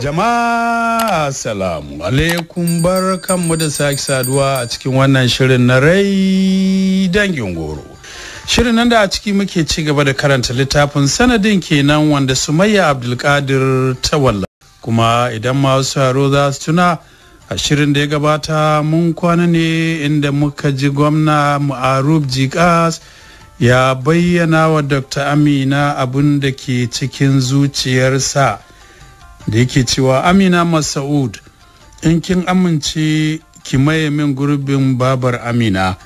Jama'a salamu alaikum bar kanmu da sake saduwa a cikin wannan shirin na rai dangin goro. Shirin nan da a ciki muke ci gaba da karanta littafin sanadin kenan wanda Sumayya Abdulkadir ta walla. Kuma idan masu haro za su tuna a shirin da ya gabata mun kwana ne inda muka ji gwamna Ma'aruf Jikas ya bayyana wa Dr. Amina abin da ke cikin zuciyarsa. da yake cewa amina masaud in kin amince ki maye min gurbin babar amina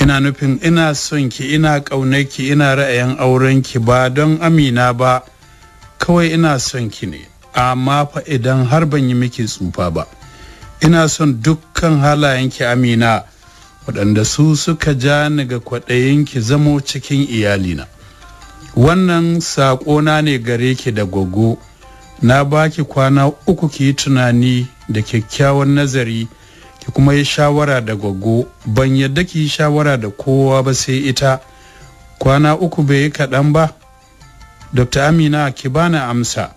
ina nufin ina son ki ina ƙaunaki ina ra'ayin auren ki ba don amina ba kawai ina son ki ne amma fa idan har ban yi miki tsufa ba ina son dukkan halayen ki amina waɗanda su suka ja ni ga ki zamo cikin iyalina wannan saƙona ne gare ki da gogo na baki kwana uku ki tunani da kyakkyawan nazari ki kuma yi shawara da gwaggo ban yadda ki yi shawara da kowa ba sai ita kwana uku bai yi kaɗan ba dr amina ki bani amsa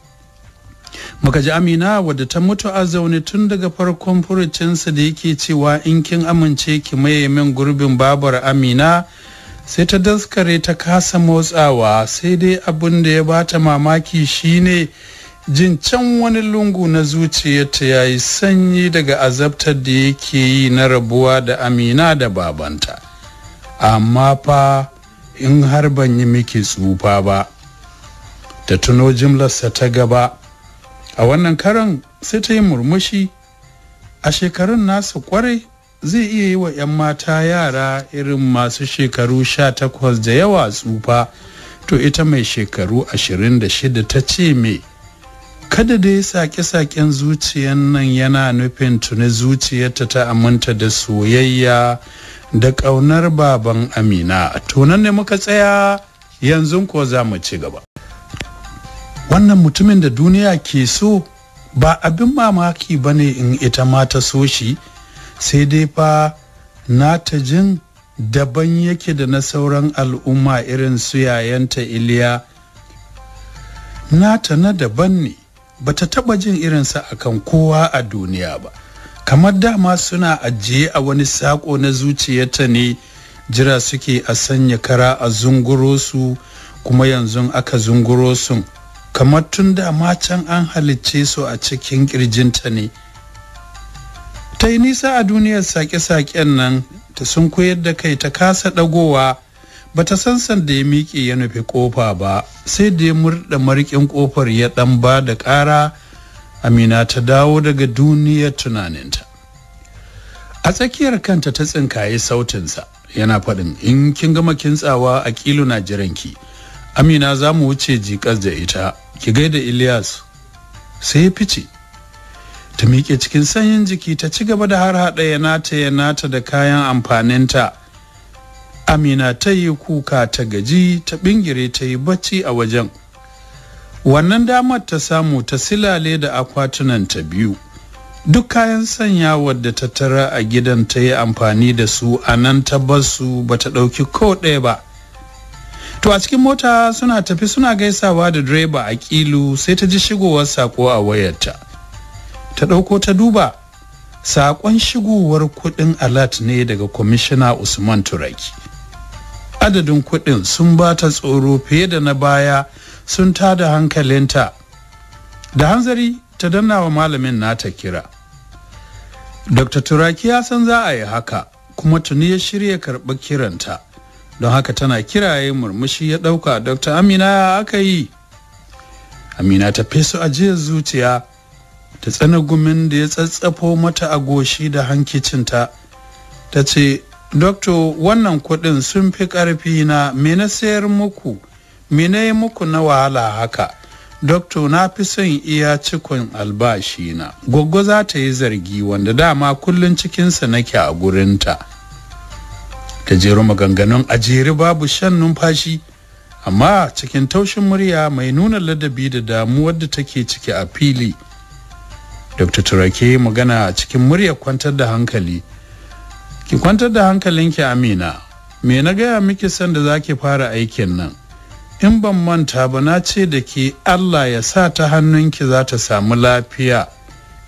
muka ji amina wadda ta mutu a zaune tun daga farkon furucinsa da yake cewa in kin amince ki maye min gurbin babar amina sai ta daskare ta kasa motsawa sai dai abin da ya bata mamaki shine jin can wani lungu na zuciyarta ya yi sanyi daga azabtar da yake yi na rabuwa da amina da babanta amma fa in har ban yi miki tsufa ba ta tuno jimlarsa ta gaba a wannan karan sai ta yi murmushi a shekarun nasa kwarai zai iya yi wa 'yan mata yara irin masu shekaru sha takwas da yawa tsufa to ita mai shekaru ashirin da shida ta ce me kada dai sake-saken zuciyan nan yana nufin tuni zuciyarta ta aminta da soyayya da ƙaunar baban amina tunan ne muka tsaya yanzu ko za mu ci gaba wannan mutumin da duniya ke so ba abin mamaki ba ne in ita ma ta so shi sai dai fa na ta jin daban yake da na sauran al'umma irin su yayanta iliya nata na daban ne bata taba jin irin irinsa akan kowa a duniya ba kamar dama suna ajiye a wani sako na zuciyarta ne jira suke a sanya kara a zunguro su kuma yanzu aka zunguro su kamar tun da can an halicce su a cikin kirjinta ne ta yi nisa a duniyar sake-saken nan ta sun koyar da kai ta kasa dagowa bata san sanda ya miƙe ya nufi kofa ba sai da ya murda marikin kofar ya dan ba da ƙara amina ta dawo daga duniyar tunaninta a tsakiyar kanta ta tsinkaye sautinsa yana faɗin in kin gama kintsawa a kilo na jiranki amina za mu wuce jikas da ita ki gaida ilyas sai ya fice ta miƙe cikin sanyin jiki ta ci gaba da har haɗa ya nata ya nata da kayan amfaninta amina ta yi kuka ta gaji ta bingire ta yi bacci a wajen wannan damar ta samu ta silale da akwatunan ta biyu duk kayan sanya wadda ta tara a gidan ta yi amfani da su a nan ta basu ba ta ɗauki ko ɗaya ba to a cikin mota suna tafi suna gaisawa da direba a kilu sai ta ji shigowar sako a wayarta ta ɗauko ta duba sakon shigowar kuɗin alat ne daga kwamishina usman turaki adadin kuɗin sun ba ta tsoro fiye da na baya sun tada hankalinta da hanzari ta danna wa malamin nata kira dr turaki ya san za a yi haka kuma tuni ya shirya karɓi kiranta don haka tana kiraye murmushi ya ɗauka dr amina ya aka yi amina ta feso ajiyar zuciya ta tsana da ya tsatsafo mata a goshi da hankicinta ta ce Dokto wannan kuɗin sun fi ƙarfi na me sayar muku, me muku na wahala haka. Dokto na fi son iya cikon albashi na. Goggo za ta yi zargi wanda dama kullum cikinsa nake a gurinta. Ta jero maganganun a jere babu shan numfashi, amma cikin taushin murya mai nuna ladabi da damuwar da take ciki a fili. Dr. Turake magana cikin muryar kwantar da hankali. ki kwantar da hankalinki amina me na gaya miki sanda zaki fara aikin nan in ban manta ba na ce da ke allah ya sa ta hannunki za ta samu lafiya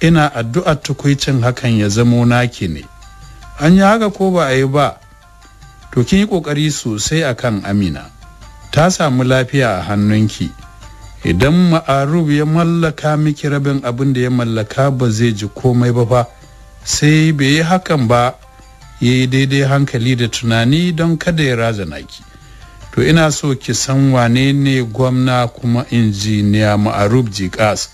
ina addu'ar tukwicin hakan ya zamo naki ne an yi haka ko ba a yi ba to kin yi kokari sosai a kan amina ta samu lafiya a hannunki idan ma'arub ya mallaka miki rabin abin da ya mallaka ba zai ji komai ba fa sai bai yi hakan ba ya yi daidai hankali da tunani don kada ya razana ki to ina so ki san wane ne gwamna kuma injiniya ma'arub jikas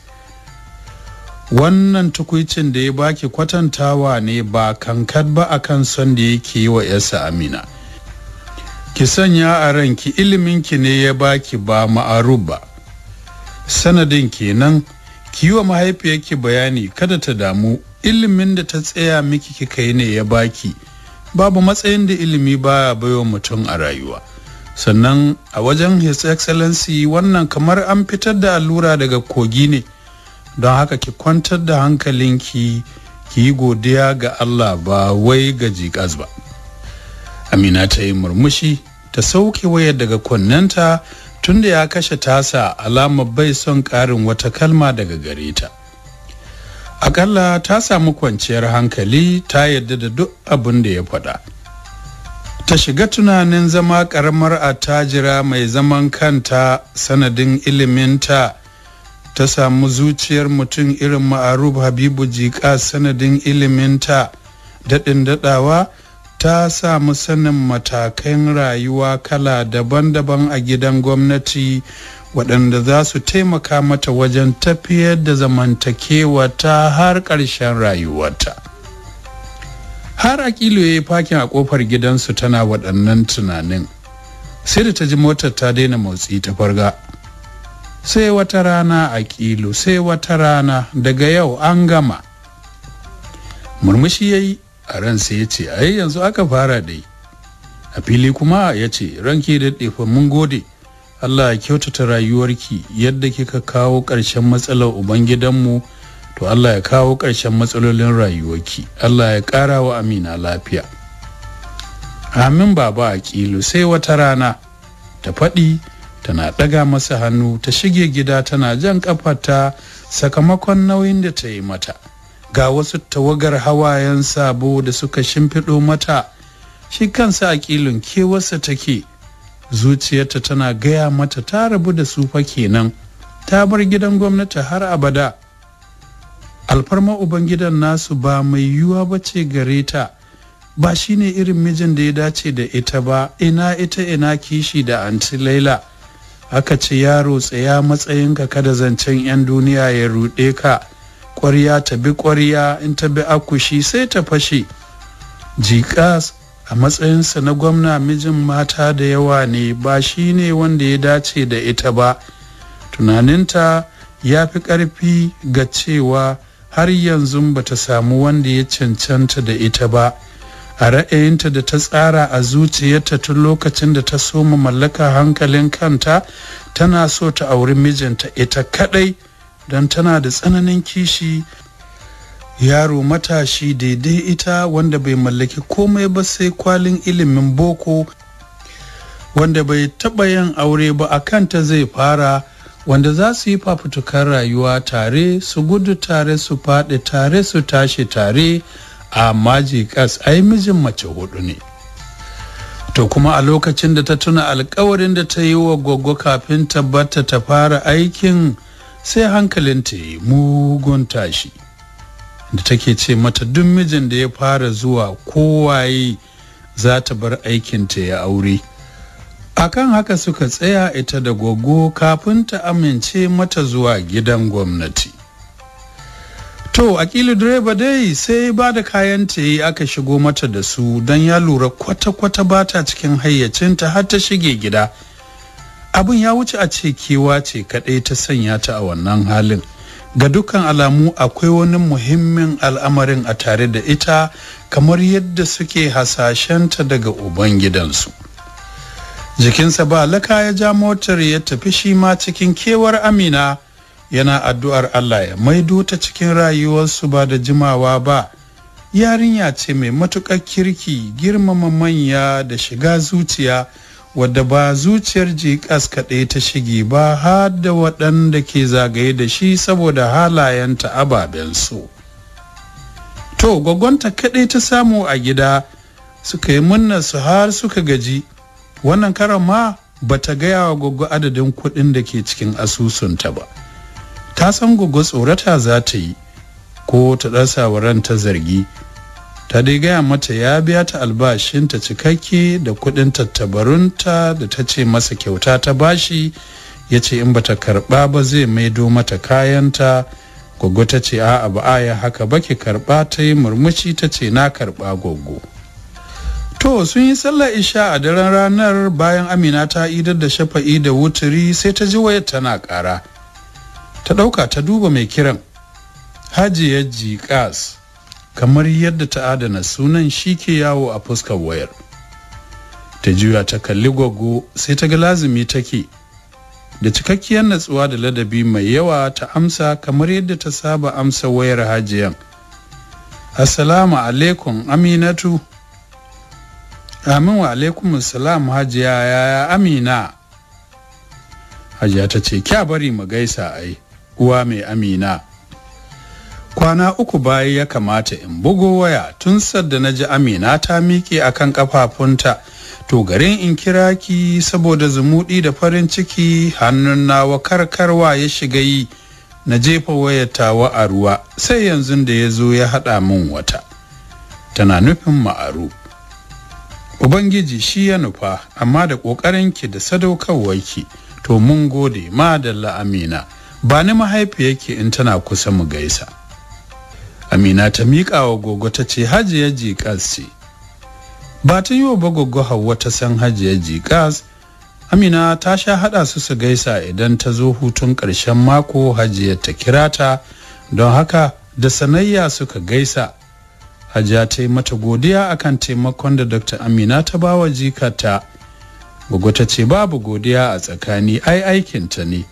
wannan tukuicin da ya baki kwatantawa ne ba kankan ba akan son da yake yi wa yasa amina ki sanya a ranki iliminki ne ya baki ba ma'arub ba sanadin kenan ki yi wa mahaifiyarki bayani kada ta damu ilimin da ta tsaya miki kika yi ne ya baki babu matsayin da ilimi baya baiwa mutum a rayuwa sannan a wajen his excellency wannan kamar an fitar da allura daga kogi ne don haka ki kwantar da hankalinki ki yi godiya ga allah ba wai ga jikas ba amina ta yi murmushi ta sauke wayar daga kunnenta tunda ya kashe tasa alama bai son ƙarin wata kalma daga gare ta. akalla ta samu kwanciyar hankali ta yadda da duk abin da ya faɗa ta shiga tunanin zama ƙaramar attajira mai zaman kanta sanadin iliminta ta samu zuciyar mutum irin ma'arub habibu jika sanadin iliminta daɗin daɗawa ta samu sanin matakan rayuwa kala daban-daban a gidan gwamnati waɗanda za su taimaka mata wajen tafiyar da zamantakewa ta har ƙarshen rayuwarta har akilu ya yi fakin a ƙofar gidansu tana waɗannan tunanin sai da ta ji motar ta daina motsi ta farga sai wata rana a kilo sai wata rana daga yau an gama murmushi ya yi a ransa ya ce ai yanzu aka fara dai a fili kuma ya ce ranki da mun gode Allah ya kyautata rayuwarki yadda kika kawo ƙarshen matsalar ubangidanmu to Allah ya kawo ƙarshen matsalolin rayuwarki Allah ya ƙara wa amina lafiya amin baba a ƙilu, sai wata rana ta faɗi tana ɗaga masa hannu ta shige gida tana jan ƙafarta sakamakon nauyin da ta yi mata ga wasu tawagar hawayen sabo da suka shimfiɗo mata shi kansa ƙilun kewarsa take zuciyarta tana gaya mata ta rabu da su fa kenan ta bar gidan gwamnati har abada alfarma ubangidan nasu ba mai yiwuwa ba ce gare ta ba shine irin mijin da ya dace da ita ba ina ita ina kishi da anti laila aka ce yaro tsaya matsayinka kada zancen 'yan duniya ya ruɗe ka ƙwarya ta bi ƙwarya in ta bi akushi sai ta fashe jikas a matsayinsa na gwamna mijin mata da yawa ne ba shi ne wanda ya dace da ita ba tunaninta ya fi ƙarfi ga cewa har yanzu ba ta samu wanda ya cancanta da ita ba a ra'ayinta da ta tsara a zuciyarta tun lokacin da ta soma mallaka hankalin kanta tana so ta auri mijinta ita kaɗai don tana da tsananin kishi yaro matashi daidai ita wanda bai mallaki komai ba sai kwalin ilimin boko wanda bai taɓa yin aure ba a kanta zai fara wanda za su yi fafutukan rayuwa tare su gudu tare su faɗi tare su tashi tare a majikas ai mijin mace hudu ne to kuma a lokacin da ta tuna alkawarin da ta yi wa gwaggo kafin tabbata ta fara aikin sai hankalin ta yi mugun tashi da take ce mata duk mijin da ya fara zuwa kowaye za ta bar aikinta ya aure akan haka suka tsaya ita da gwaggo kafin ta amince mata zuwa gidan gwamnati to akili direba dai sai ba da kayan yi aka shigo mata da su don ya lura kwata-kwata ba ta cikin hayyacinta har ta shige gida abin ya wuce a ce kewa ce kaɗai ta sanya ta a wannan halin ga dukkan alamu akwai wani muhimmin al'amarin a tare da ita kamar yadda suke hasashenta daga ubangidansu jikinsa ba laka ya ja motar ya tafi shi ma cikin kewar amina yana addu'ar allah ya maido ta cikin rayuwarsu ba da jimawa ba yarinya ce mai matuƙar kirki girmama manya da shiga zuciya wadda ba zuciyar jikas kaɗai ta shige ba har da waɗanda ke zagaye da shi saboda halayen halayenta ababensu to gwagwanta kaɗai ta samu a gida suka yi munna su har suka gaji wannan karan ma ba ta gaya wa gwaggo adadin kuɗin da ke cikin asusunta ba ta san gwaggo tsorata za ta yi ko ta ɗasa wa ranta zargi ta dai gaya mata ya biya ta albashinta cikakke da kudin tattabarunta da ta ce masa kyauta ta bashi ya ce in bata karba ba zai maido mata kayanta gwaggo ta ce a'a ba aya haka ba ki karba ta yi murmushi ta ce na karba gwaggo to sun yi sallar isha a daren ranar bayan amina ta idar da shafa'i da wuturi sai ta ji wayar tana kara ta ɗauka ta duba mai kiran Haji ya ji kas kamar yadda ta adana sunan shi ke yawo a fuskar wayar ta juya ta kalli gwaggo sai ta ga lazumi take da cikakkiyar natsuwa da ladabi mai yawa ta amsa kamar yadda ta saba amsa wayar hajiyan assalamu alaikum aminatu amin wa alaikum salam hajiya yaya amina hajiya ta ce kya bari mu gaisa ai uwa mai amina kwana uku baya ya kamata in bugo waya tun sadda na ji amina ta miƙe akan kafafunta to garin in kira ki saboda zumuɗi da farin ciki hannun nawa karkarwa ya shiga yi na jefa ta a ruwa sai yanzu da ya zo ya haɗa min wata tana nufin ma'aru ubangiji shi ya nufa amma da ƙoƙarinki da sadaukarwarki to mun gode ma da la'amina ba ni mahaifiyarki in tana kusa mu gaisa amina ta miƙa wa gogo ta ce hajiya jikas ce ba ta yi wa ba gogo hawa ta san hajiya jikas amina ta sha haɗa su su gaisa idan ta zo hutun ƙarshen mako hajiya ta kira ta don haka da sanayya suka gaisa hajiya ta yi mata godiya akan taimakon da dr amina ta ba wa jikata gogo ta ce babu godiya a tsakani ai aikinta ne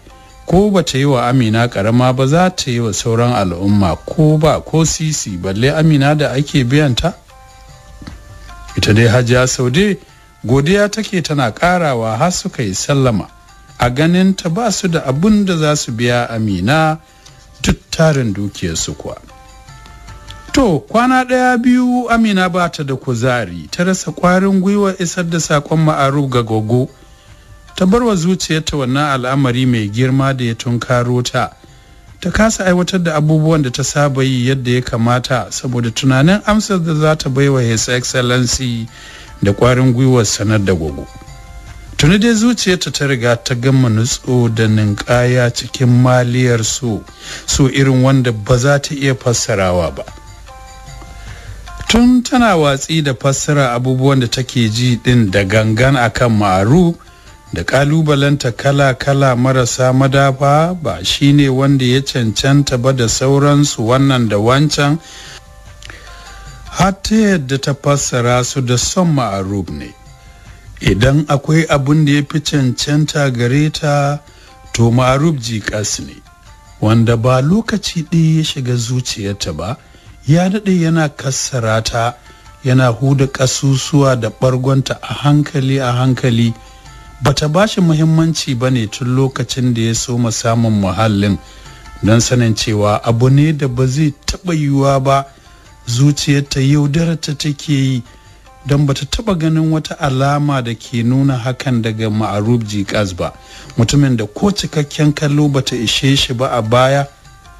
ko ba ta yi wa amina karama ba za ta yi wa sauran al'umma ko ba ko sisi balle amina da ake biyanta ita dai hajiya saude godiya take tana karawa har suka yi sallama a ganin ta ba su da abun da za su biya amina duk tarin dukiyarsu kuwa to kwana ɗaya biyu amina ba ta da kuzari ta rasa kwarin gwiwa isar da sakon ma'aruf ga gogo ta barwa zuciyarta wannan al'amari mai girma da ya tunkaro ta ta kasa aiwatar da abubuwan da ta saba yi yadda ya kamata saboda tunanin amsar da za ta baiwa his excellency da kwarin gwiwar sanar da goggo. tuni dai zuciyarta ta riga ta gama nutso da ninkaya cikin maliyar su so irin wanda ba za ta iya fassarawa ba tun tana watsi da fassara abubuwan da take ji din da gangan akan maru. da kalubalanta kala-kala marasa madafa ba shine wanda ya cancanta ba da sauransu wannan da wancan hatta yadda ta fassara su da son ma'arub ne idan akwai abin da ya fi cancanta gare ta to ma'arub jikas ne wanda ba lokaci ɗaya ya shiga zuciyarta ba ya daɗe yana kassara ta yana huda ƙasusuwa da ɓargonta a hankali a hankali bata bashi muhimmanci ba ne tun lokacin da ya soma samun muhallin don sanin cewa abu ne da ba zai taɓa yiwuwa ba zuciyarta ta take yi don ba ta taɓa ganin wata alama da ke nuna hakan daga ma'arub jikas ba mutumin da ko cikakken kallo ba ta ishe shi ba a baya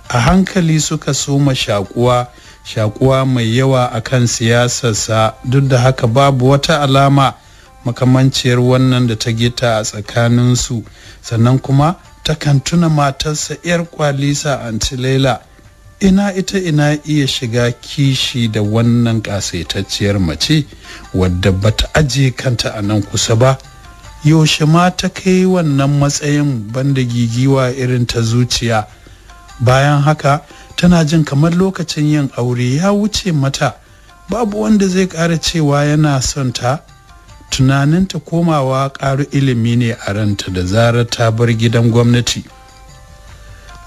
a hankali suka soma shakuwa shakuwa mai yawa akan siyasarsa duk da haka babu wata alama makamanciyar wannan da ta gita a tsakaninsu sannan kuma takan tuna matarsa 'yar kwalisa antilela. ina ita ina iya shiga kishi da wannan kasaitacciyar mace wadda bata aje kanta a nan kusa ba yaushe ma ta kai wannan matsayin banda gigiwa irin ta zuciya bayan haka tana jin kamar lokacin yin aure ya wuce mata babu wanda zai ƙara cewa yana son ta tunaninta komawa ƙara ilimi ne a ranta da zarar ta bar gidan gwamnati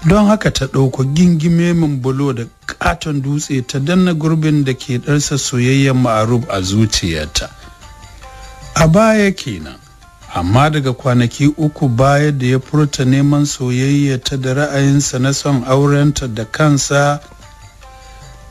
don haka ta ɗauko gingime min bulo da katon dutse ta danna gurbin da ke ɗarsa soyayyen maaruf a zuciyarta a baya kenan amma daga kwanaki uku baya da ya furta neman soyayya ta da ra'ayinsa na son aurenta da kansa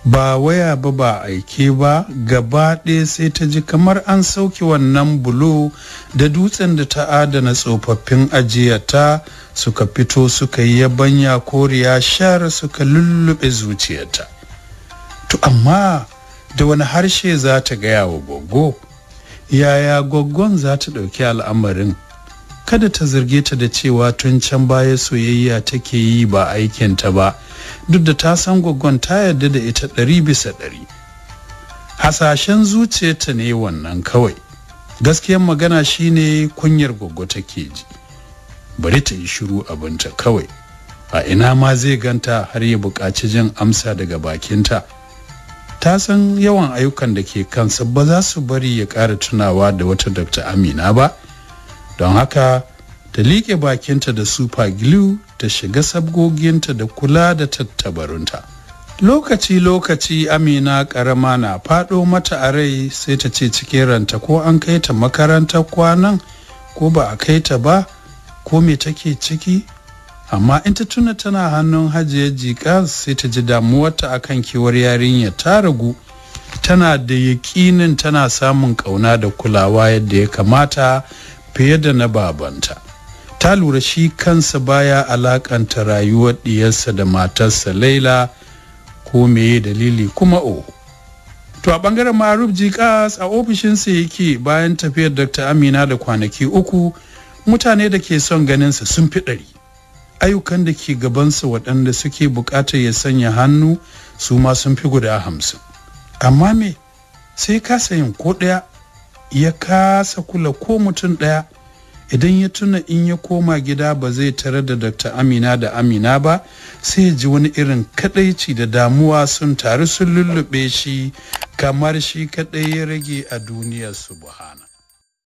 ba waya ba ba aike ba gaba ɗaya sai ta ji kamar an sauke wannan bulo da dutsen da ta adana tsofaffin ajiyata suka fito suka yi yabanya koriya shar suka lullube zuciyarta to amma da wani harshe za ta gaya wa gogo yaya goggon za ta ɗauki al'amarin kada ta zarge ta da cewa tun can baya soyayya take yi ba aikinta ba duk da ta san gwaggon ta yarda da ita ɗari bisa ɗari hasashen zuciyarta ne wannan kawai gaskiyan magana shine kunyar gwaggo take ji bari ta yi shiru abinta kawai a ina ma zai ganta har ya buƙaci jin amsa daga bakinta ta san yawan ayyukan da ke kansa ba za su bari ya ƙara tunawa da wata dr amina ba don haka ta liƙe bakinta da super glue ta shiga sabgoginta da kula da tattabarunta lokaci-lokaci amina ƙarama na faɗo mata a rai sai ta ce cikin ranta ko an kai ta makarantar kwanan ko ba a kai ta ba ko me take ciki amma in ta tuna tana hannun hajiya jika sai ta ji damuwarta kan kewar yarinya ta ragu tana da yaƙinin tana samun ƙauna da kulawa yadda ya kamata fiye da na babanta ta lura shi kansa baya alakanta rayuwar diyarsa da matarsa laila ko meye dalili kuma o to a bangaren maruf jikas a ofishinsa yake bayan tafiyar dr amina da kwanaki uku mutane da ke son ganinsa sun fi ɗari ayyukan da ke gabansa waɗanda suke buƙatar ya sanya hannu su ma sun fi guda hamsin amma me sai kasa yin ko ɗaya ya kasa kula ko mutum ɗaya idan ya tuna in ya koma gida ba zai tare da dr amina da amina ba sai ya ji wani irin kadaici da damuwa sun taru sun lullube shi kamar shi kadai ya rage a duniyar subhana